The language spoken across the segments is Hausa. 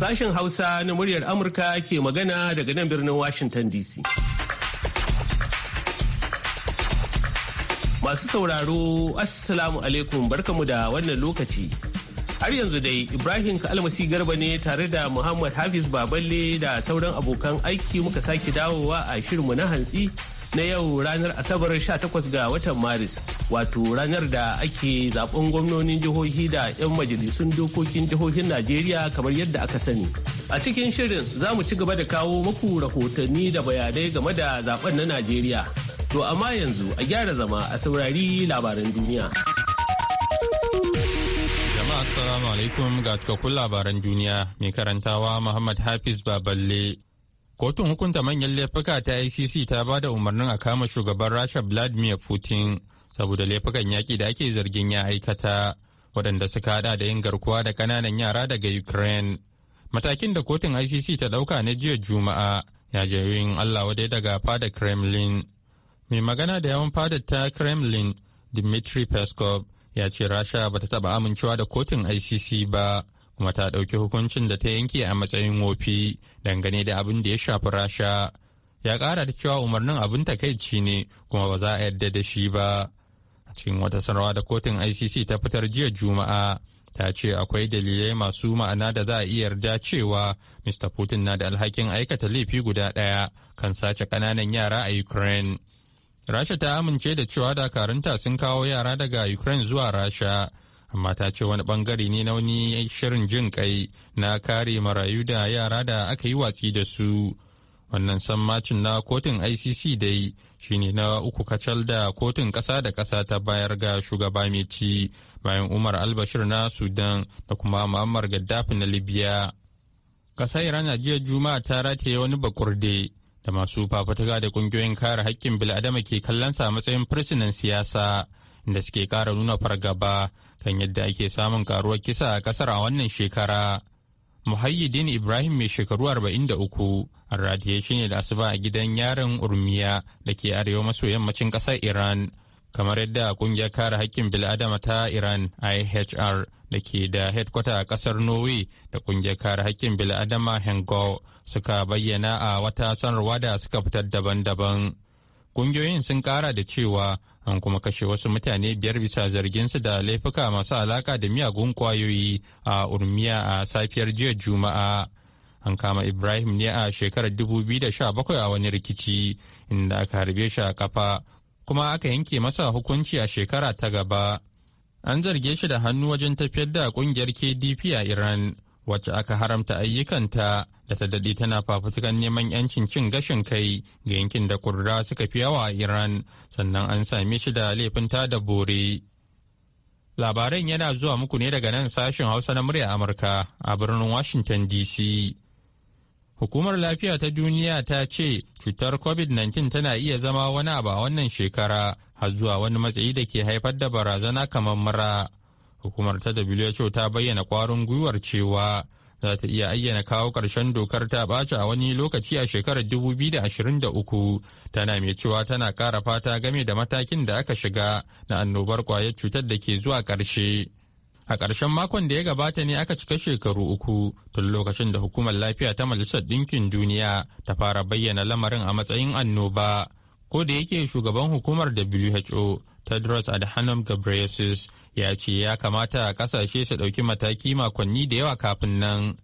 Sashen Hausa na muryar Amurka ke magana daga nan birnin Washington DC. Masu sauraro, Assalamu alaikum barkamu da wannan lokaci. Har yanzu dai Ibrahim Kalmasi Garba ne tare da Muhammad Hafiz Baballe da sauran abokan aiki muka sake dawowa a shirinmu na hantsi na yau ranar Asabar 18 ga watan Maris wato ranar da ake zaben gwamnonin jihohi da 'yan majalisun dokokin jihohin Najeriya kamar yadda aka sani. A cikin shirin za mu ci gaba da kawo maku rahotanni da bayanai game da zaben na Najeriya. To amma yanzu a gyara zama a saurari labaran duniya. Jama'a assalamu alaikum ga cikakkun labaran duniya mai karantawa Muhammad Hafiz Baballe. kotun hukunta manyan laifuka ta icc ta ba da umarnin a kama shugaban rasha vladimir putin saboda laifukan yaƙi da ake zargin ya aikata waɗanda suka haɗa da yin garkuwa da ƙananan yara daga ukraine matakin da kotun icc ta ɗauka na jiya juma'a ya je yin allah wadai daga fada kremlin mai magana da yawan fadar ta kremlin dmitry peskov ya ce rasha ba ta taɓa amincewa da kotun icc ba kuma ta ɗauki hukuncin da ta yanke a matsayin wofi dangane da abin da ya shafi rasha ya ƙara da cewa umarnin abin takaici ne kuma ba za a yarda da shi ba a cikin wata sanarwa da kotun icc ta fitar jiya juma'a ta ce akwai dalilai masu ma'ana da za a iya yarda cewa mr putin na da alhakin aikata laifi guda ɗaya kan sace ƙananan yara a ukraine rasha ta amince da cewa dakarunta sun kawo yara daga ukraine zuwa rasha amma ta ce wani bangare ne na wani shirin jin kai na kare marayu da yara da aka yi watsi da su wannan sammacin na kotun icc dai shine na uku kacal da kotun ƙasa da kasa ta bayar ga shugaba mai ci bayan umar albashir na sudan da kuma muammar gaddafi na libya ƙasar iran na jiya juma'a ta rataye wani bakurde da masu fafutuka da kungiyoyin kare haƙƙin bil'adama ke kallon sa matsayin fursunan siyasa da suke ƙara nuna fargaba kan yadda ake samun karuwar kisa a kasar a wannan shekara. Muhayyidin Ibrahim mai shekaru 43 an radiye shi ne da asuba a gidan yaron Urmiya da ke arewa maso yammacin kasar Iran. Kamar yadda kungiyar kare haƙƙin bil'adama ta Iran IHR da ke da headquarter a kasar Norway da kungiyar kare haƙƙin bil'adama Hengo suka bayyana a wata sanarwa da suka fitar daban-daban. Kungiyoyin sun kara da cewa an kuma kashe wasu mutane biyar bisa zarginsu da laifuka masu alaka da miyagun kwayoyi a urmiya a safiyar jiya juma'a an kama ibrahim ne a shekarar bakwai a wani rikici inda aka harbe shi a kafa kuma aka yanke masa hukunci a shekara ta gaba an zarge shi da hannu wajen tafiyar da kungiyar kdp a iran wacce aka haramta ayyukanta da ta daɗe tana fafutukan neman 'yancin cin gashin kai ga yankin da kurra suka fi yawa a Iran sannan an same shi da laifin ta da bore. Labaran yana zuwa muku ne daga nan sashen Hausa na murya Amurka a birnin Washington DC. Hukumar Lafiya ta Duniya ta ce cutar COVID-19 tana iya zama wani abu a wannan shekara har zuwa wani matsayi da ke haifar da barazana kamar mura. Hukumar ta WHO ta bayyana kwarin gwiwar cewa za ta iya ayyana kawo ƙarshen dokar ta ɓaci a wani lokaci a shekarar 2023 tana mai cewa tana ƙara fata game da matakin da aka shiga na annobar kwayar cutar da ke zuwa ƙarshe. A ƙarshen makon da ya gabata ne aka cika shekaru uku tun lokacin da hukumar lafiya ta Majalisar Ɗinkin Duniya ta fara bayyana lamarin a matsayin annoba. Ko da yake shugaban hukumar WHO Tedros Adhanom Ghebreyesus ya ce ya kamata kasashe su ɗauki mataki makonni da yawa kafin nan.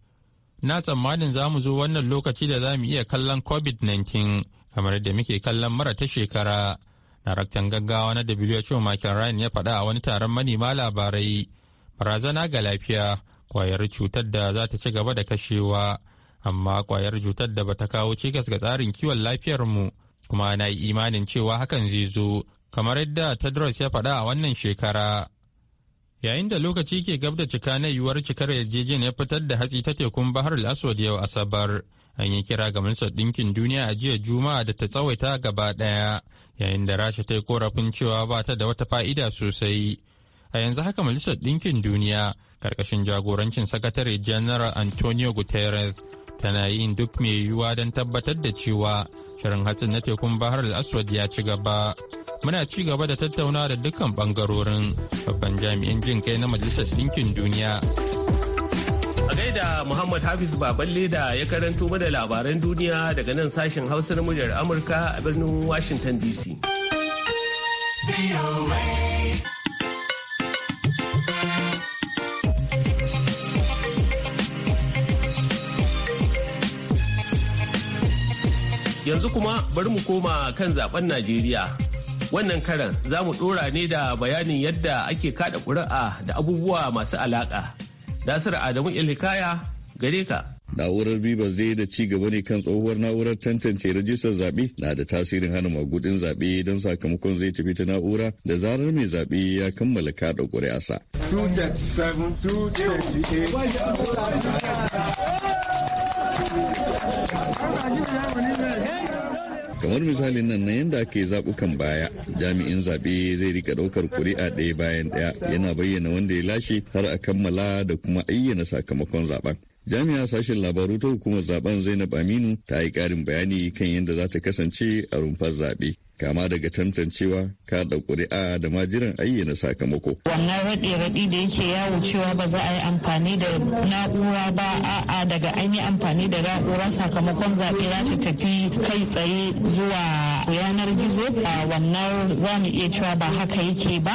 Na tsammanin za mu zo wannan lokaci da za mu iya kallon COVID-19 kamar yadda muke kallon mara ta shekara. naraktan gaggawa na WHO Michael Ryan ya faɗa a wani taron manema labarai. Barazana ga lafiya, kwayar cutar da za ta ci gaba da kashewa, amma kwayar cutar da bata kawo cikas ga tsarin kiwon lafiyarmu, kuma na yi imanin cewa hakan zai zo, kamar yadda Tedros ya faɗa a wannan shekara. yayin da lokaci ke gab da cika na yiwuwar cikar yarjejeniyar fitar da hatsi ta tekun bahar al-aswad yau asabar an yi kira ga majalisar ɗinkin duniya a jiya juma'a da ta tsawaita gaba ɗaya yayin da rasha ta yi korafin cewa ba ta da wata fa'ida sosai a yanzu haka majalisar ɗinkin duniya karkashin jagorancin sakatare general antonio guterres tana yin duk mai yiwuwa don tabbatar da cewa shirin hatsin na tekun bahar al-aswad ya ci gaba muna ci gaba da tattauna da dukkan bangarorin babban jami'in jin kai na majalisar ɗinkin duniya a gaida muhammad hafiz baballe Leda ya karanto mada labaran duniya daga nan sashen hausa na muryar amurka a birnin washington dc yanzu kuma bari mu koma kan zaben najeriya Wannan karan za mu ɗora ne da bayanin yadda ake kada ƙuri'a da abubuwa masu alaƙa. Nasiru Adamu Ilhikaya gare ka. Na'urar biba zai da ci gaba ne kan tsohuwar na'urar tantance rajistar zaɓe na da tasirin hana magudin zaɓe don sakamakon zai tafi ta na'ura da zarar mai zaɓe ya kammala kaɗa ƙuri'arsa. sa kamar misali nan na yadda aka zaɓukan baya jami'in zaɓe zai rika ɗaukar kuri'a ɗaya bayan ɗaya yana bayyana wanda ya lashe har a kammala da kuma ayyana sakamakon zaɓen jami'a sashen labaru ta hukumar zaɓen zainab aminu ta yi ƙarin bayani kan yadda za ta kasance a rumfar zaɓe kama daga tantancewa da ƙuri'a da ma ayyana sakamako. Wannan raɗe-raɗi da yake yawo cewa ba za a yi amfani da na'ura ba a daga an yi amfani da na'ura sakamakon zaɓe za ta tafi kai tsaye zuwa yanar gizo a wannan za mu iya cewa ba haka yake ba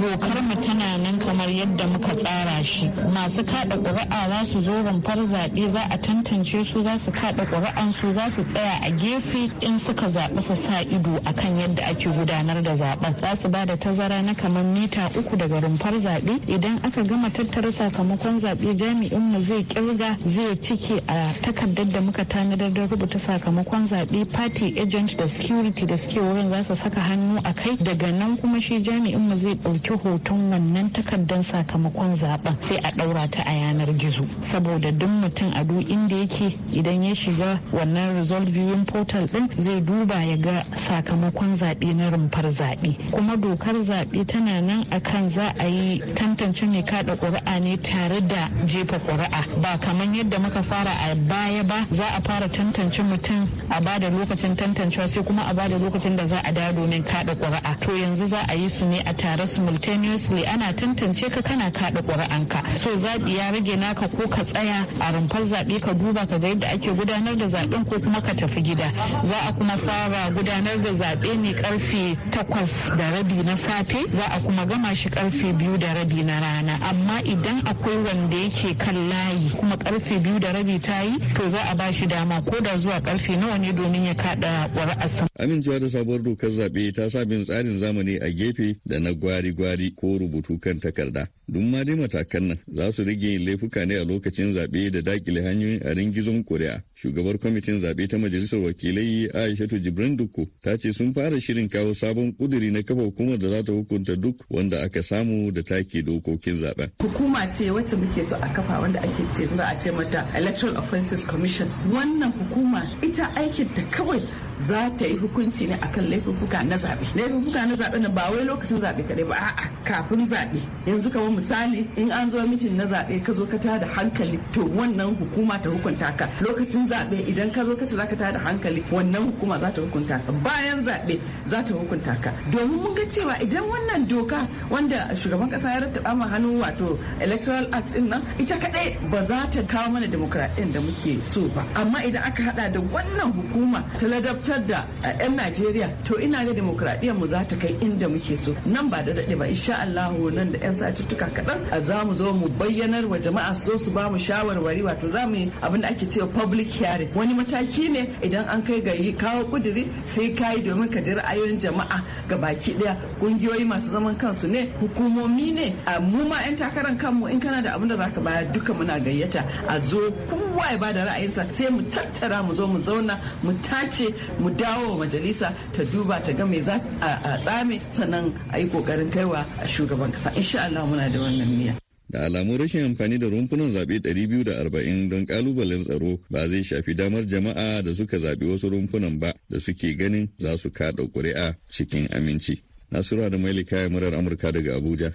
dokar mu tana nan kamar yadda muka tsara shi masu kaɗa ƙuri'a za su zo rumfar zaɓe za a tantance su za su kaɗa ƙuri'an su za su tsaya a gefe in suka zaɓi su sa ido a kan yadda ake gudanar da zaben za su ba da tazara na kamar mita uku daga rumfar zaɓe idan aka gama tattara sakamakon zaɓe jami'in mu zai kirga zai cike a takardar da muka tanadar da rubuta sakamakon zaɓe party agent da security da suke wurin za su saka hannu a kai daga nan kuma shi jami'in mu zai ɗauki hoton wannan takardar sakamakon zaɓen sai a ɗaura ta a yanar gizo saboda duk mutum a duk inda yake idan ya shiga wannan result viewing portal din zai duba ya ga sakamakon sakamakon zaɓe na rumfar zaɓe kuma dokar zaɓe tana nan akan za a yi tantance ne kaɗa ƙuri'a ne tare da jefa ƙuri'a ba kamar yadda muka fara a baya ba za a fara tantance mutum a ba da lokacin tantancewa sai kuma a ba da lokacin da za a dawo domin kaɗa ƙuri'a to yanzu za a yi su ne a tare simultaneously ana tantance ka kana kaɗa ƙuri'anka so zaɓi ya rage naka ko ka tsaya a rumfar zaɓe ka duba ka ga yadda ake gudanar da zaɓen ko kuma ka tafi gida za a kuma fara gudanar da zaɓe ne karfe takwas da rabi na safe za a kuma gama shi karfe biyu da rabi na rana amma idan akwai wanda yake kan layi kuma karfe biyu da rabi ta yi to za a ba shi dama ko da zuwa karfe nawa ne domin ya kada ƙuri'arsa. amincewa da sabuwar dokar zaɓe ta sa bin tsarin zamani a gefe da na gwari-gwari ko rubutu kan takarda duk ma dai matakan nan za su rage laifuka ne a lokacin zaɓe da daƙile hanyoyin a ringizon ƙuri'a shugabar kwamitin zaɓe ta majalisar wakilai aishatu jibrin dukko ta ce sun fara shirin kawo sabon kuduri na kafa hukumar da za ta hukunta duk wanda aka samu da take dokokin zaben hukuma ce wacce muke so a kafa wanda ake ce ba a ce mata electoral offenses commission wannan hukuma ita aikin ta kawai za ta yi hukunci ne akan laifuka na zabe laifuka na zaɓe na ba wai lokacin zabe kaɗai ba a'a kafin zaɓe yanzu kamar misali in an zo mitin na zaɓe ka zo ka tada hankali to wannan hukuma ta hukunta ka lokacin zaɓe idan ka zo ka ce za ka tada hankali wannan hukuma za ta hukunta ka bayan zaɓe za ta hukunta ka domin mun ga cewa idan wannan doka wanda shugaban kasa ya rattaba ma hannu wato electoral act din nan ita kaɗai ba za ta kawo mana demokradiyyar da muke so ba amma idan aka hada da wannan hukuma ta ladabtar da yan Najeriya to ina ga demokradiyyar mu za ta kai inda muke so nan ba da daɗe ba insha Allah nan da yan satuttuka kaɗan za mu zo mu bayyanar wa jama'a zo su ba mu shawarwari wato za mu yi abin da ake cewa public kyare wani mataki ne idan an kai ga kawo kuduri sai ka domin ka ji ra'ayoyin jama'a ga baki daya kungiyoyi masu zaman kansu ne hukumomi ne a mu ma 'yan takarar kanmu in kana da abin da zaka bayar duka muna gayyata a zo kowa ya bada ra'ayinsa sai mu tattara mu zo mu zauna mu tace mu dawo wa majalisa ta duba ta ga me za a tsame sannan a yi kokarin kaiwa shugaban kasa insha Allah muna da wannan niyya da alamun rashin amfani da rumfunan zaɓe 240 don ƙalubalen tsaro ba zai shafi damar jama'a da suka zaɓi wasu rumfunan ba da suke ganin za su kaɗa ƙuri'a cikin aminci. Nasiru da Mailika ya murar Amurka daga Abuja,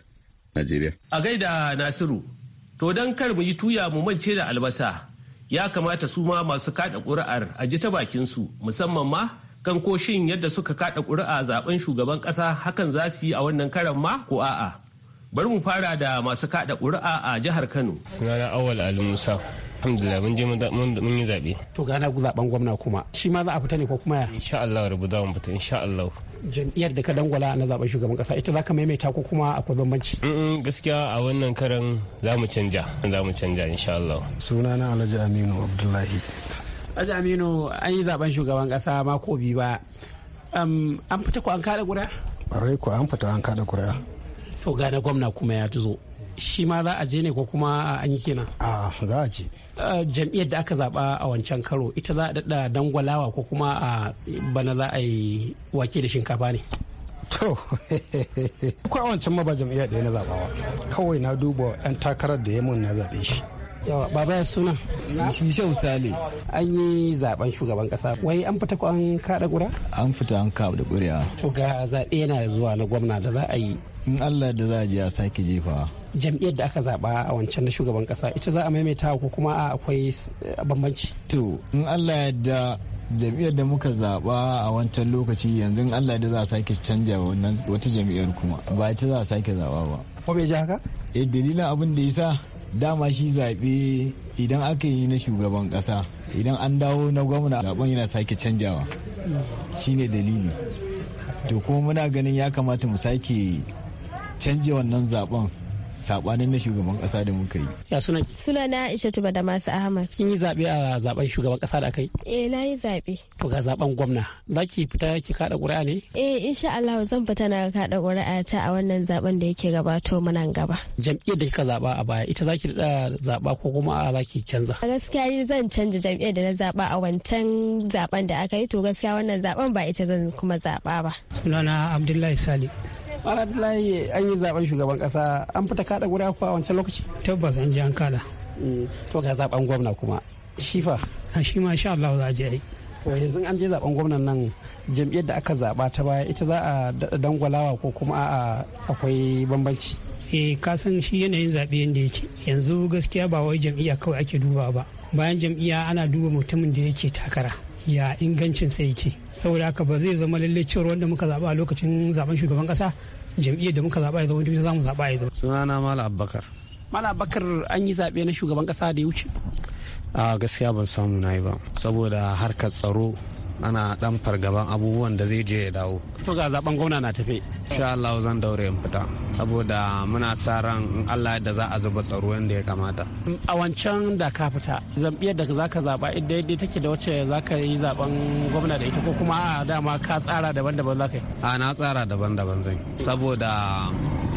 Najeriya. A gaida Nasiru, to don kar mu yi tuya mu mance da albasa, ya kamata su ma masu kaɗa ƙuri'ar a ji ta bakin su musamman ma kan ko shin yadda suka kaɗa ƙuri'a zaben shugaban ƙasa hakan za su yi a wannan karan ma ko a'a. bari mu fara da masu kada ƙuri'a a jihar kano sunana awal ali musa alhamdulillah mun je mun yi zaɓe to gana zaɓen gwamna kuma shi ma za a fita ne ko kuma ya insha Allah rubu za mu fita insha Allah jam'iyyar da ka dangwala na zaɓen shugaban ƙasa ita za ka maimaita ko kuma akwai bambanci gaskiya a wannan karan za mu canja za mu canja insha Allah sunana Alhaji Aminu Abdullahi Alhaji Aminu an yi zaɓen shugaban ƙasa mako biyu ba an fita ko an kada ƙuri'a? Rai ko an fita an kada ƙuri'a. to ga na gwamna kuma ya tuzo shi ma za a je ne ko kuma an yi kenan a za a je jam'iyyar da aka zaba a wancan karo ita za a dada dangwalawa ko kuma a bana za a yi wake da shinkafa ne to ko a wancan ma ba jam'iyyar da ya na zabawa kawai na duba yan takarar da ya mun na zabe shi yawa baba ya suna shi shi usali an yi zaben shugaban kasa wai an fita ko an kada kura an fita an kada kuri'a to ga zaɓe yana zuwa na gwamna da za a yi in allah da za a je a sake jefawa jam'iyyar da aka zaba a wancan na shugaban kasa ita za a maimaita ko kuma a akwai eh, bambanci to in allah da jam'iyyar da muka zaba a wancan lokaci yanzu in allah da za a sake canja wannan wata jam'iyyar kuma ba ita za a sake zaba ba ko bai ji haka eh dalilin abin da yasa dama shi zaɓe idan aka yi na shugaban ƙasa idan an dawo na gwamna zaben yana sake canjawa shine dalili to kuma muna ganin ya kamata mu sake canje wannan zaben sabanin na shugaban kasa da muka yi. Ya suna? Suna na Aisha Tuba da Masu Ahmad. Kin yi zaɓe a zaɓen shugaban kasa da kai? Eh na yi zaɓe. To ga zaɓen gwamna. Za ki fita ki kaɗa ƙuri'a ne? Eh insha Allah zan fita na kaɗa ƙuri'a ta a wannan zaɓen da yake gabato nan gaba. Jam'iyyar da kika zaɓa a baya ita za ki da zaɓa ko kuma a za ki canza? A gaskiya ni zan canza jam'iyyar da na zaɓa a wancan zaɓen da aka yi to gaskiya wannan zaɓen ba ita zan kuma zaɓa ba. Sunana Abdullahi Sali. Ana Abdullahi an yi zaben shugaban kasa an fita kada guda kuwa wancan lokaci. Tabbas an je an kada. Mm, to ga zaben gwamna kuma. Shifa. A shi ma sha Allah za a je To yanzu an je zaben gwamnan nan jam'iyyar da aka zaɓa ta baya ita za a dangwalawa ko kuma a akwai bambanci. Eh ka san shi yanayin zaɓe yadda yake yanzu gaskiya ba wai jam'iyya kawai ake duba ba bayan jam'iyya ana duba mutumin da yake takara. ya ingancin sa yake saboda haka ba zai zama lalle cewa wanda muka zaba a lokacin zaben shugaban kasa jam'iyyar da muka zaba ya zama za mu zaba ya zama sunana mala abbakar mala abbakar an yi zaɓe na shugaban kasa da ya wuce a gaskiya ban samu na yi ba saboda harkar tsaro ana dan fargaban abubuwan da zai je ya dawo to ga zaben gwamna na tafe insha Allah zan daure in fita saboda muna sa ran in Allah yadda za a zuba tsaro yadda ya kamata a wancan da ka fita zam'iyyar da ka zaba yadda take da wacce za ka yi zaben gwamna da ita ko kuma a dama ka tsara daban-daban za ka yi a na tsara daban-daban zan saboda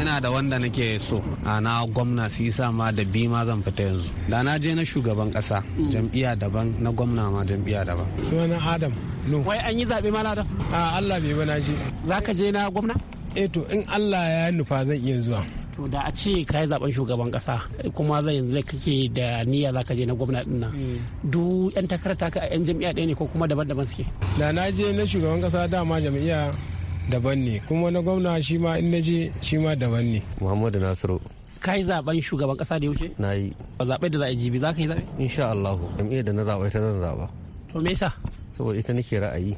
ina da wanda nake so a na gwamna su yi ma da bi ma zan fita yanzu da na je na shugaban kasa mm. jam'iyya daban na gwamna ma jam'iyya daban sunana adam no wai an yi zaɓe ma ladan a Allah bai bana je za ka je na gwamna eh to in Allah ya nufa zan iya zuwa to da a ce ka yi zaɓen shugaban kasa kuma zai yanzu kake da niyya za ka je na gwamna din nan eh. du yan takarata ka yan jam'iyya ɗaya ne ko kuma daban-daban suke da na je na shugaban kasa dama jam'iyya daban ne kuma na gwamna shi ma in na je shi ma daban ne muhammadu nasiru ka yi zaɓen shugaban kasa da yaushe na yi zaɓe da za a jibi za ka yi zaɓe insha allahu jam'iyyar da na zaɓa ita zan zaɓa to me yasa saboda ita nake ra'ayi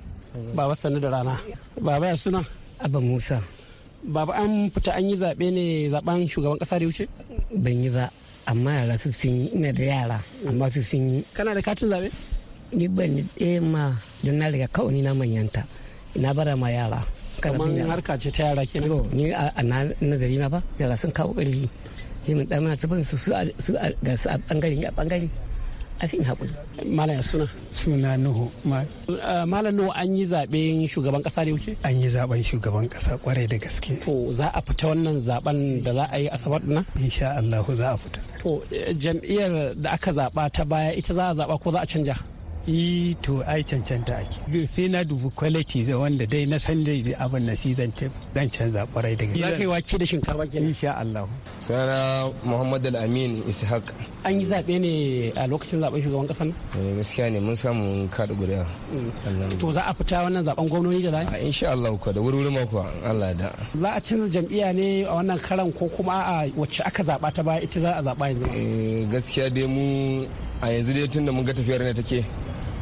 baba sannu da rana baba ya suna abba musa baba an fita an yi zaɓe ne zaɓen shugaban ƙasa da wuce ban yi ba amma yara su sun yi ina da yara amma su sun yi kana da katin zaɓe ni ban yi eh, ma don na riga kawai na manyanta na bara ma yara kamar harka ce ta yara kenan ni a nazari na ba yara sun kawo ƙarfi yi mun ɗan mana su su su a ɓangare a ɓangare a fi haƙuri. Malam suna. Suna Nuhu. Uh, Malam Nuhu an yi zaɓen shugaban ƙasa da wuce? An yi zaɓen shugaban ƙasa kwarai da gaske. To za a fita wannan zaɓen da za a yi asabar na? Insha Allah za a fita. To jam'iyyar da aka zaɓa ta baya ita za a zaɓa ko za a canja? eh to ai cancanta ake sai na dubu quality da wanda dai na san dai abin na si zan zan canza kwarai daga gaske za ka yi wake da shinkafa ke insha Allah sana Muhammad Al-Amin Ishaq an yi zabe ne a lokacin zaben shugaban kasa ne eh, gaskiya ne mun samu kada guriya mm. to za a fita wannan zaben gwamnati da zai ah, insha Allah ko da wuri ma ko Allah da za a canza jam'iyya ne a wannan karan ko kuma a wacce aka zaba ta baya ita za a zaba yanzu eh, gaskiya dai mu a yanzu dai tunda mun ga tafiyar ne take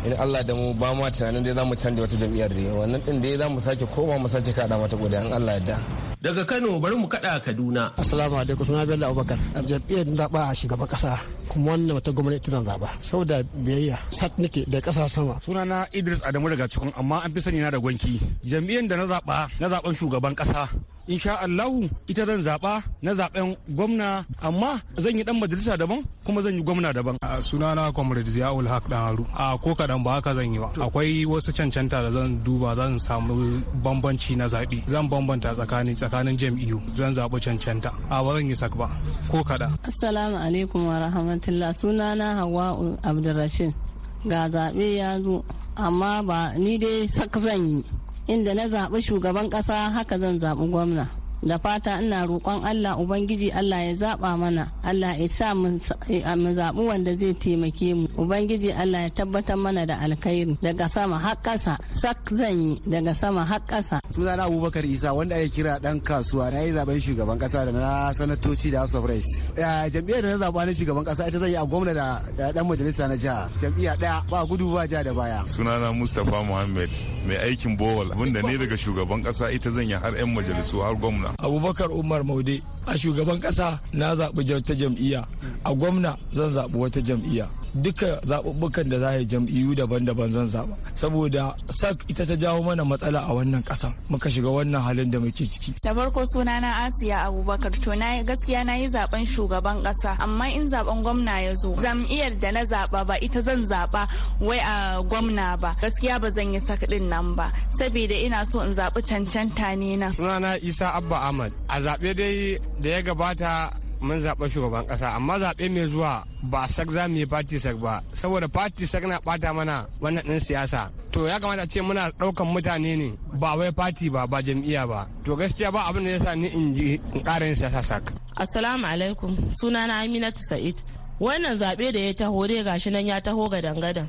in Allah da mu ba ma tunanin dai za mu canza wata jam'iyyar da wannan din dai za mu sake koma mu sake kada mata gode in Allah da daga Kano bari mu kada Kaduna assalamu alaikum suna Bello Abubakar jam'iyyar zaba a shugaban kasa kuma wannan wata gwamnati zan zaba saboda biyayya sat nake da kasa sama suna na Idris Adamu daga cikin amma an fi sani na da gwanki jam'iyyar da na zaba na zaben shugaban kasa insha Allahu ita zan zaɓa na zaɓen gwamna amma zan yi dan majalisa daban kuma zan yi gwamna daban. Sunana Comrade Ziaul Haq dan Haru. A ko kaɗan ba haka zan yi ba. Akwai wasu cancanta da zan duba zan samu bambanci na zaɓe. Zan bambanta tsakanin tsakanin jam'iyyu zan zaɓi cancanta. A ba zan yi sak ba ko kaɗan. Assalamu alaikum wa rahmatullah. Sunana Hawa'u Abdulrashid. Ga zaɓe ya zo amma ba ni dai sak zan yi. inda na zaɓi shugaban ƙasa haka zan zaɓi gwamna da fata ina roƙon allah ubangiji allah ya zaɓa mana allah ya sa eh, mu zaɓi wanda zai taimake mu ubangiji allah ya tabbatar mana da alkhairi daga sama har ƙasa sak zan yi daga sama har ƙasa sunana abubakar isa wanda ake kira dan kasuwa na yi zaɓen shugaban ƙasa da na sanatoci da house of rights jam'iyyar da na zaɓa na shugaban ƙasa ita zan yi a gwamna da dan majalisa na jiha jam'iyya ɗaya ba gudu ba ja da baya sunana mustapha muhammad mai aikin bowl abinda ne daga shugaban ƙasa ita zan yi har 'yan majalisu har gwamna gwamna abubakar umar maude a shugaban kasa na zaɓi wata jam'iyya a gwamna zan zaɓi wata jam'iyya duka zaɓuɓɓukan da za a yi jam'iyyu daban-daban zan zaɓa saboda sak ita ta jawo mana matsala a wannan ƙasa muka shiga wannan halin da muke ciki da farko suna na asiya abubakar to na gaskiya na yi zaben shugaban ƙasa amma in zaben gwamna ya zo jam'iyyar da na zaɓa ba ita zan zaɓa wai a gwamna ba gaskiya ba zan yi sak ɗin nan ba saboda ina so in zaɓi cancanta ne na sunana isa abba ahmad a zaɓe dai da ya gabata mun zaɓa shugaban ƙasa amma zaɓe mai zuwa ba sak za mu yi party sak ba saboda party sak na ɓata mana wannan ɗin siyasa to ya kamata ce muna ɗaukan mutane ne ba wai party ba ba jam'iyya ba to gaskiya ba abin da ya sa ni in ji in ƙara yin siyasa sak. assalamu alaikum na aminatu sa'id wannan zaɓe da ya taho dai gashi nan ya taho ga dangadan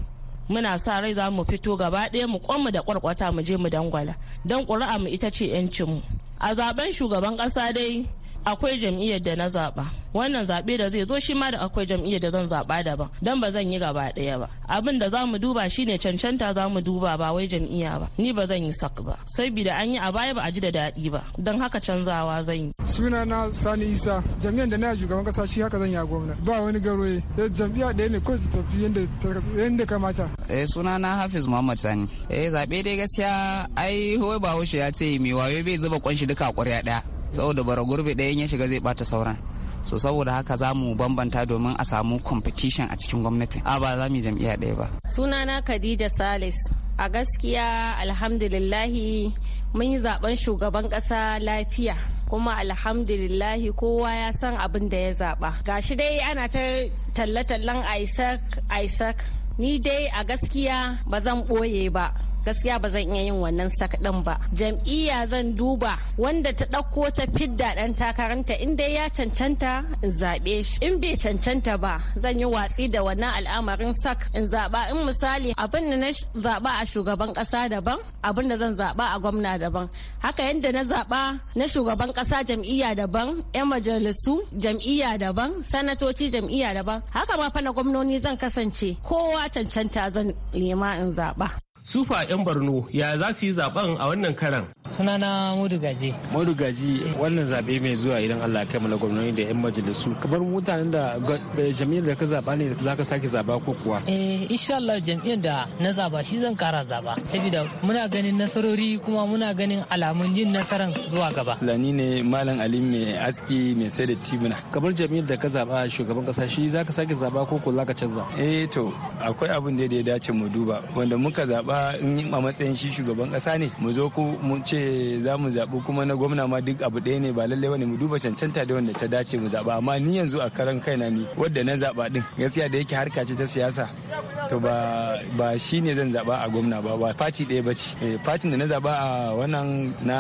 muna sa rai za mu fito gaba ɗaya mu kwanmu da kwarkwata mu je mu dangwala don ƙuri'a mu ita ce 'yancinmu a zaben shugaban ƙasa dai akwai jam'iyyar da na zaɓa wannan zaɓe da zai zo shi ma da akwai jam'iyyar da zan zaɓa daban don ba zan yi gaba ɗaya ba abin da za mu duba shine cancanta za mu duba ba wai jam'iyya ba ni ba zan yi sak ba saboda an yi a baya ba a ji da daɗi ba don haka canzawa zan yi suna na sani isa jam'iyyar da na shugaban kasa shi haka zan yi a gwamna ba wani garoye eh, jam'iyya ɗaya ne ko tafi yadda kamata eh suna na hafiz muhammad sani eh zaɓe dai gaskiya ai hoye ba ya ce mai wayo bai zuba kwanshi duka a ƙwarya ɗaya saboda bara gurbe ɗaya ya shiga zai bata sauran so saboda haka za mu bambanta domin a samu competition a cikin gwamnati a ba za mu jam'iyya ɗaya ba sunana khadija salis a gaskiya alhamdulillahi mun yi zaben shugaban ƙasa lafiya kuma alhamdulillahi kowa ya san abin da ya zaɓa gashi dai ana ta talle-tallen isaac isaac ni dai a gaskiya ba zan ɓoye ba gaskiya ba zan iya yin wannan ɗin ba jam'iyya zan duba wanda ta ɗauko ta fidda ɗan takaranta in dai ya cancanta in zaɓe shi in bai cancanta ba zan yi watsi da wannan al'amarin sak in zaɓa in misali abin da na zaɓa a shugaban ƙasa daban abin da zan zaɓa a gwamna daban haka yadda na zaɓa na shugaban ƙasa jam'iyya daban 'yan majalisu jam'iyya daban sanatoci jam'iyya daban haka ma fa na gwamnoni zan kasance kowa cancanta zan nema in zaɓa. sufa 'yan borno ya za su yi zaben a wannan karan Suna na Gaji. Modu Gaji wannan zaɓe mai zuwa idan Allah kai mu na gwamnati da 'yan majalisu kamar mutanen da jam'iyyar da ka zaɓa ne za ka sake zaɓa ko kuwa. Eh insha Allah jam'iyyar da na zaɓa shi zan kara zaɓa saboda muna ganin nasarori kuma muna ganin alamun yin nasaran zuwa gaba. Lani ne Malam Ali mai aski mai sai da tibina. Kamar jam'iyyar da ka zaɓa shugaban ƙasa shi za ka sake zaɓa ko ko za ka canza. Eh to akwai abin da ya dace mu duba wanda muka zaɓa in a matsayin shi shugaban ƙasa ne mu zo ko mu ce ce za mu zaɓi kuma na gwamna ma duk abu ɗaya ne ba lallai wani mu duba cancanta da wanda ta dace mu zaɓa amma ni yanzu a karan kaina ni wadda na zaɓa ɗin gaskiya da yake harka ce ta siyasa to ba ba shi ne zan zaɓa a gwamna ba ba fati ɗaya ba ce fatin eh, da na zaɓa a wannan na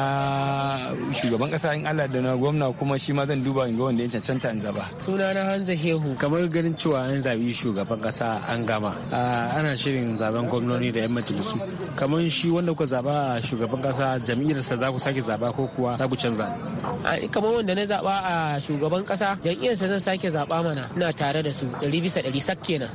shugaban ƙasa in Allah da na gwamna kuma shi ma zan duba in ga wanda ya cancanta in zaɓa. sunana Hanza Hehu kamar ganin cewa an zaɓi shugaban ƙasa an gama ana shirin zaben gwamnoni da 'yan majalisu kamar shi wanda kuka zaɓa shugaban ƙasa jami'a jam'iyyarsa za ku sake zaba ko kuwa za ku canza kamar wanda na zaba a shugaban kasa jam'iyyarsa zan sake zaba mana ina tare da su ɗari bisa ɗari sak kenan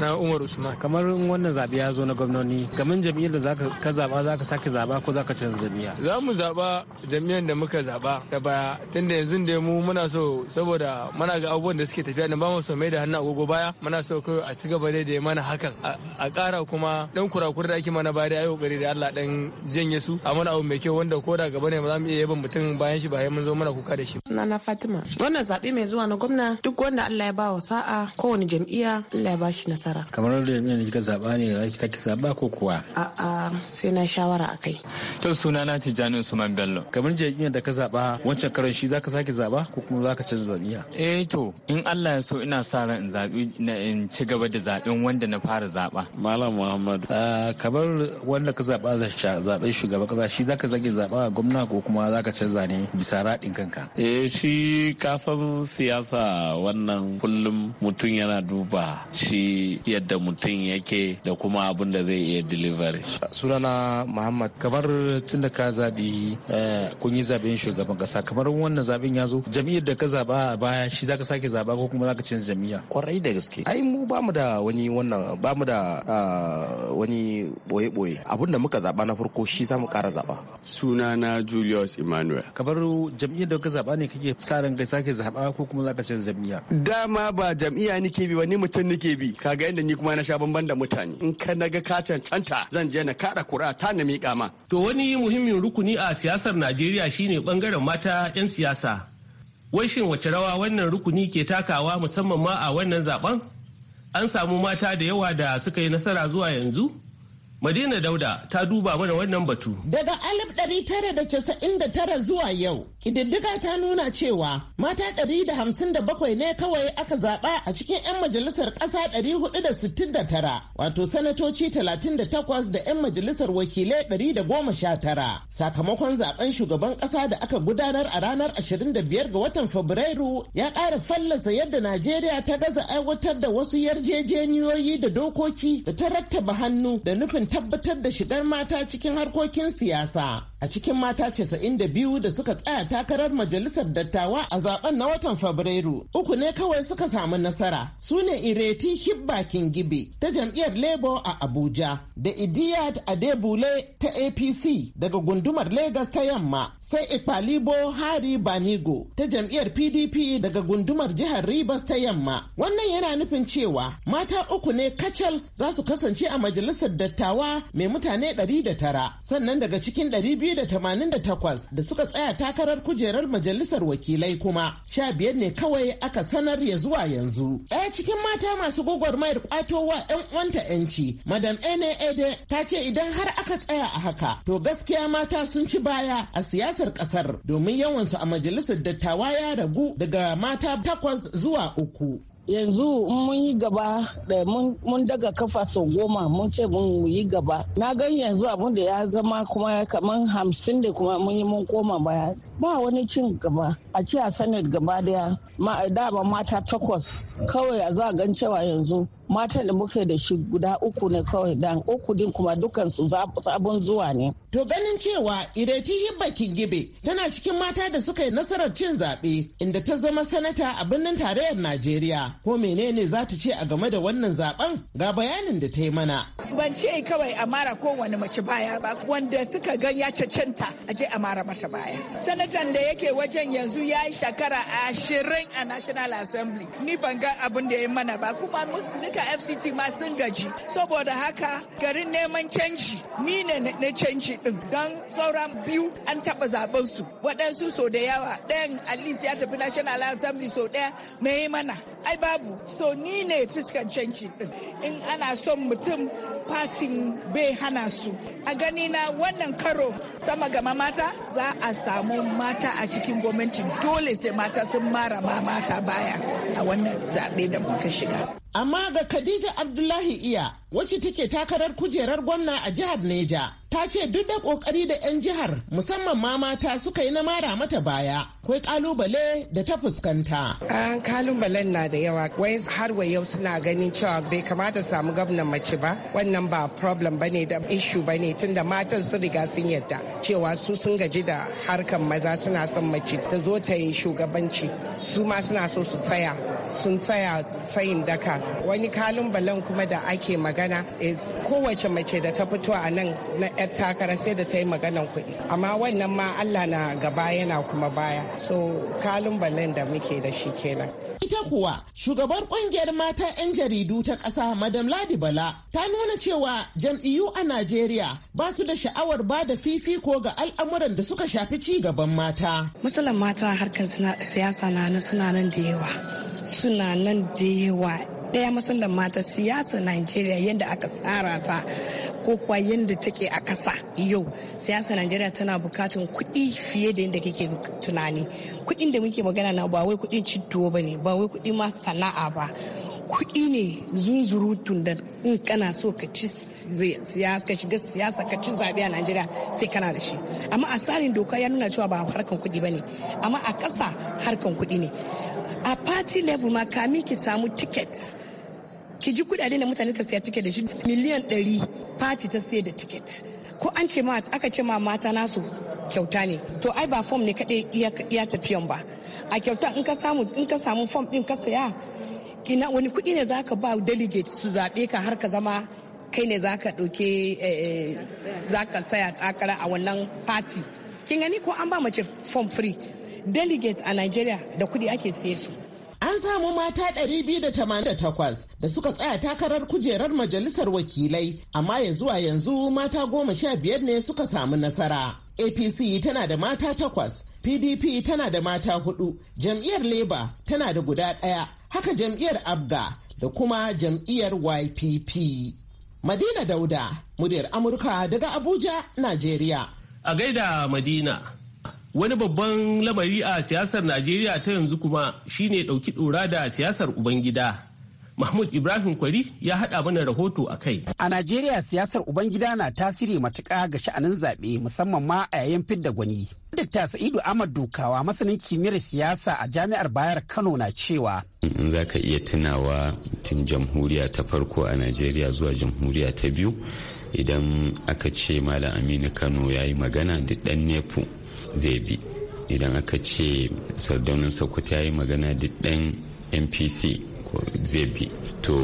na umar usman kamar wannan zaɓe ya zo na gwamnoni kamar jam'iyyar da zaka ka zaɓa ka sake zaɓa ko za ka canza jami'a za mu zaɓa jam'iyyar da muka zaɓa da baya tunda yanzu da mu muna so saboda muna ga abubuwan da suke tafiya da ba mu so mai da hannu agogo baya muna so kai a ci gaba da mana hakan a ƙara kuma dan kurakure da ake mana baya da ayi kokari da Allah dan janye su a mana abu mai kyau wanda ko da gaba ne ba za mu iya yaban mutum bayan shi bayan mun zo mana kuka da shi Nana Fatima wannan zaɓe mai zuwa na gwamna duk wanda Allah ya ba wa sa'a kowane jam'iyya Allah ya ba shi nasara kamar da ne kika zaba ne za ki saki zaba ko kuwa a'a sai na shawara akai to suna na Tijjani Usman Bello kamar jam'iyyar da ka zaba wancan karon shi zaka sake zaba ko kuma zaka canza jam'iyya eh to in Allah ya so ina sa ran in zabi in ci gaba da zaben wanda na fara zaba malam Muhammad kamar wanda ka zaba zaben shugaban kasa shi zaka zage zaba gwamna ko kuma zaka canza ne bisa raɗin kanka eh shi kasan siyasa wannan kullum mutum yana duba shi yadda mutum yake da kuma abin da zai iya delivery. sunana muhammad kamar tun da ka zaɓi eh, kun yi zaɓen shugaban ƙasa kamar wannan zaɓen ya zo jam'iyyar da ka zaɓa a baya shi zaka sake zaɓa ko kuma zaka canza jam'iyya. kwarai da gaske ai mu ba mu da wani wannan ba mu da ah, wani boye-boye abin da muka zaɓa na farko shi za mu ƙara zaɓa. sunana julius emmanuel. kamar jam'iyyar da ka zaɓa ne kake sa ran ka sake zaɓa ko kuma zaka canza jam'iyya. dama ba jam'iyya nake bi wani mutum nake bi ka ga inda ni kuma na sha bamban da mutane in ka naga ka cancanta zan je na kada kura ta na miƙa ma to wani muhimmin rukuni a siyasar Najeriya shine bangaren mata 'yan siyasa wai shin wace rawa wannan rukuni ke takawa musamman ma a wannan zaben an samu mata da yawa da suka yi nasara zuwa yanzu Madina Dauda ta duba mana wannan batu. Daga 1999 zuwa yau, ƙididdiga ta nuna cewa mata 157 ne kawai aka zaɓa a cikin 'yan majalisar ƙasa 469, wato sanatoci 38 da 'yan majalisar wakilai 119. Sakamakon zaben shugaban ƙasa da aka gudanar a ranar 25 ga watan Fabrairu ya ƙara fallasa yadda Najeriya ta gaza aiwatar da wasu yarjejeniyoyi da dokoki da ta rattaba hannu da nufin tabbatar da shigar mata cikin harkokin siyasa. a cikin mata 92 da suka tsaya takarar majalisar dattawa a zaben na watan fabrairu uku ne kawai suka samu nasara su ne ireti hibba kingibe ta jam'iyyar labour a abuja da idiyat adebule ta apc daga gundumar Legas ta yamma sai ipalibo hari banigo ta jam'iyyar pdp daga gundumar jihar ribas ta yamma wannan yana nufin cewa mata uku ne kacal za su kasance a majalisar dattawa mai mutane 109 sannan daga cikin 200 288 da suka tsaya takarar kujerar majalisar wakilai kuma sha biyar ne kawai aka sanar ya zuwa yanzu. Ɗaya cikin mata masu gwagwarmayar kwatowa 'yan uwanta 'yanci, Madam Ene Ede ta ce idan har aka tsaya a haka, to gaskiya mata sun ci baya a siyasar ƙasar domin yawansu a majalisar dattawa ya ragu daga mata takwas zuwa uku. yanzu mun yi gaba da mun daga kafa sau goma mun ce mun yi gaba na gan yanzu abin da ya zama kuma kamar hamsin da kuma mun yi mun koma baya ba wani cin gaba a ce a senate gaba daya dama mata takwas kawai a za gan cewa yanzu matan da muke da shi guda uku ne kawai dan uku din kuma dukan su sabon zuwa ne. To ganin cewa Ireti Hibba Kingibe tana cikin mata da suka yi nasarar cin zaɓe inda ta zama sanata a birnin tarayyar Najeriya. Ko menene za ta ce a game da wannan zaben ga bayanin da ta yi mana. Ban ce kawai a mara kowane mace baya ba wanda suka gan ya cancanta a je a mara mata baya. Sanatan da yake wajen yanzu ya yi shekara ashirin a National Assembly. Ni ban ga abin da ya yi mana ba kuma duka fct ma sun gaji saboda haka garin neman canji ni ne na canji din don sauran biyu an taba zaben su waɗansu so da yawa ɗayan at least ya tafi national assembly so ɗaya mai mana ai babu so ni ne fiskan canji din in ana son mutum fatin bai hana su a gani na wannan karo sama gama mata za a samu mata a cikin gwamnati dole sai mata sun mara ma mata baya a wannan zaɓe da muka shiga amma ga khadija abdullahi iya wacce take takarar kujerar gwamna a jihar neja ta ce duk da kokari da 'yan jihar musamman ma mata suka yi na mara mata baya akwai kalubale da ta fuskanta. An kalubalen na da yawa wai har wa yau suna ganin cewa bai kamata samu gwamnan mace ba wannan ba problem ba ne da issue ba ne tunda matan su riga sun yadda cewa su sun gaji da harkan maza suna son mace ta zo ta yi shugabanci su ma suna so su tsaya sun tsaya tsayin daka wani balan kuma da ake magana is kowace mace da ta fito a nan na yar takara sai da ta yi maganan kuɗi amma wannan ma allah na gaba yana kuma baya so balan da muke da shi kenan ita kuwa shugabar kungiyar mata 'yan jaridu ta ƙasa madam ladi bala ta nuna cewa jam'iyyu a najeriya ba su da sha'awar ba da fifiko ga al'amuran da suka shafi ci gaban mata matsalar mata harkar siyasa na suna nan da yawa suna nan da yawa ɗaya matsalar mata siyasa najeriya yadda aka tsara ta ko kuwa yadda take a ƙasa yau siyasa najeriya tana bukatun kuɗi fiye da yadda kake tunani kuɗin da muke magana na ba wai kuɗin ciddo ba ne ba wai kuɗi ma sana'a ba kuɗi ne zunzurutun da in kana so ka ci ka shiga siyasa ka ci zaɓe a najeriya sai kana da shi amma a tsarin doka ya nuna cewa ba harkan kuɗi ba ne amma a ƙasa harkan kuɗi ne a party level ma kami ki samu tickets ki ji kudade da mutane ka siya ticket da shi miliyan ɗari party ta siya da ticket ko an ce ma aka ce ma mata nasu kyauta ne to ai ba fom ne kadai ya tafiyan ba a kyauta in ka samu in ka samu fom din ka saya ina wani kuɗi ne zaka ba delegate su zaɓe ka har ka zama kai ne zaka ɗauke eh, zaka saya kakara a wannan party kin gani ko an ba mace fom free delegates a Nigeria da kuɗi ake siye su. An samu mata 288 da suka tsaya takarar kujerar majalisar wakilai, amma ya zuwa yanzu mata goma sha biyar ne suka samu nasara. APC tana da mata takwas, PDP tana da mata hudu, jam'iyyar Labour tana da guda ɗaya, haka jam'iyyar Abga da kuma jam'iyyar YPP. Madina Dauda, muryar Amurka daga Abuja, Najeriya. A gaida Madina. wani babban lamari a siyasar najeriya ta yanzu kuma shine ɗauki ɗora da siyasar ubangida mahmud ibrahim kwari ya haɗa mana rahoto a kai a najeriya siyasar ubangida na tasiri matuka ga sha'anin zaɓe musamman ma a yayin fidda gwani Dr. Sa'idu Ahmad Dukawa masanin kimiyyar siyasa a jami'ar Bayar Kano na cewa. In za ka iya tunawa tun jamhuriya ta farko a Najeriya zuwa jamhuriya ta biyu idan aka ce Malam Aminu Kano ya yi magana da ɗan nefu zai bi idan aka ce sardaunin sokoto ya yi magana da ɗan npc ko zai bi to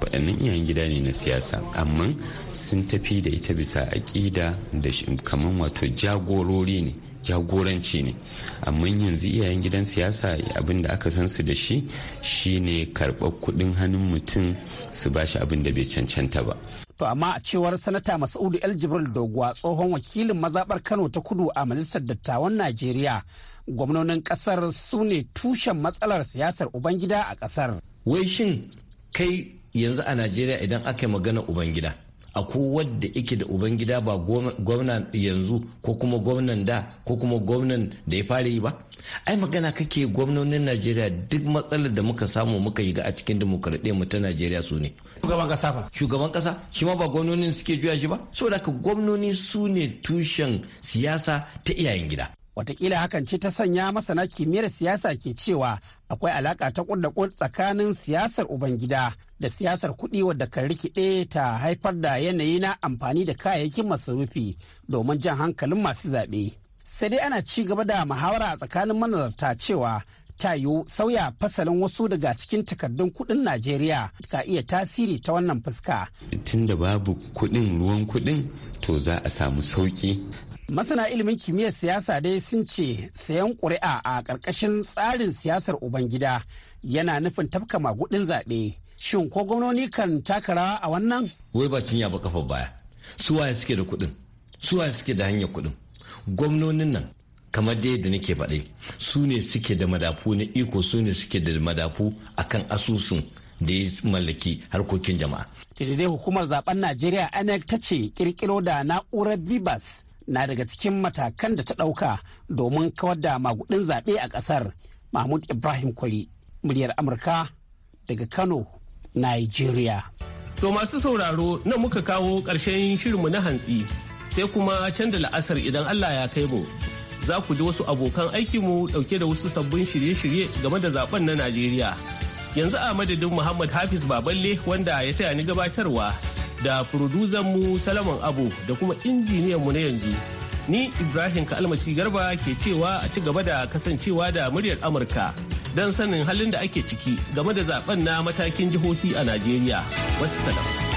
waɗannan iyayen gida ne na siyasa amma sun tafi da ita bisa aƙida da kamar wato jagorori ne jagoranci ne amma yanzu iyayen gidan siyasa abin da aka san su da shi shine karɓar kuɗin hannun mutum su bashi abin da bai cancanta ba To amma a cewar sanata Mas'udu El Jibril Doguwa tsohon wakilin mazaɓar Kano ta kudu a majalisar dattawan Najeriya gwamnonin ƙasar su ne tushen matsalar siyasar Ubangida a ƙasar. Wai shin kai yanzu a Najeriya idan aka yi magana Ubangida a ko wadda yake da ubangida ba gwamna yanzu ko kuma gwamnan da ko kuma gwamnan da ya fara yi ba ai magana kake gwamnonin najeriya duk matsalar da muka samu muka yi ga a cikin demokradiyyar mu ta najeriya su ne shugaban kasa ba shugaban kasa shi ma ba gwamnonin suke juya shi ba saboda ka gwamnoni su ne tushen siyasa ta iyayen gida Watakila hakan ce ta sanya masana kimiyyar siyasa ke cewa akwai alaka ta da tsakanin siyasar Ubangida da siyasar kuɗi wadda kan rikide ta haifar da yanayi na amfani da kayayyakin masarufi domin jan hankalin masu zaɓe. Sai dai ana ci gaba da muhawara a tsakanin manazarta cewa ta sauya fasalin wasu daga cikin takardun kuɗin Najeriya ka iya tasiri ta wannan fuska. Tunda babu kuɗin ruwan kuɗin to za a samu sauƙi Masana ilimin kimiyyar siyasa dai sun ce sayan ƙuri'a a ƙarƙashin tsarin siyasar Ubangida yana nufin tafka magudin zaɓe. Shin ko gwamnoni kan taka rawa a wannan? Wai ba cinya ba kafa baya. Su waye suke da kuɗin? Su suke da hanyar kuɗin? Gwamnonin nan kamar dai da nake faɗi su ne suke da madafu na iko su ne suke da madafu a kan asusun da ya mallaki harkokin jama'a. Tididai hukumar zaben Najeriya INEC ta ce kirkiro da na'urar bibas na daga cikin matakan da ta ɗauka domin kawar da magudin zaɓe a ƙasar mahmud ibrahim kwari muryar amurka daga kano nigeria to masu sauraro na muka kawo ƙarshen shirinmu na hantsi sai kuma can da la'asar idan allah ya kai mu za ku ji wasu abokan aikinmu ɗauke da wasu sabbin shirye-shirye game da zaben na najeriya yanzu a madadin muhammad hafiz baballe wanda ya taya ni gabatarwa da mu Salaman Abu da kuma injiniyan mu na yanzu. Ni Ibrahim Kalmasi Garba ke cewa a ci gaba da kasancewa da muryar Amurka don sanin halin da ake ciki game da zaben na matakin jihohi a Najeriya. Wassalam.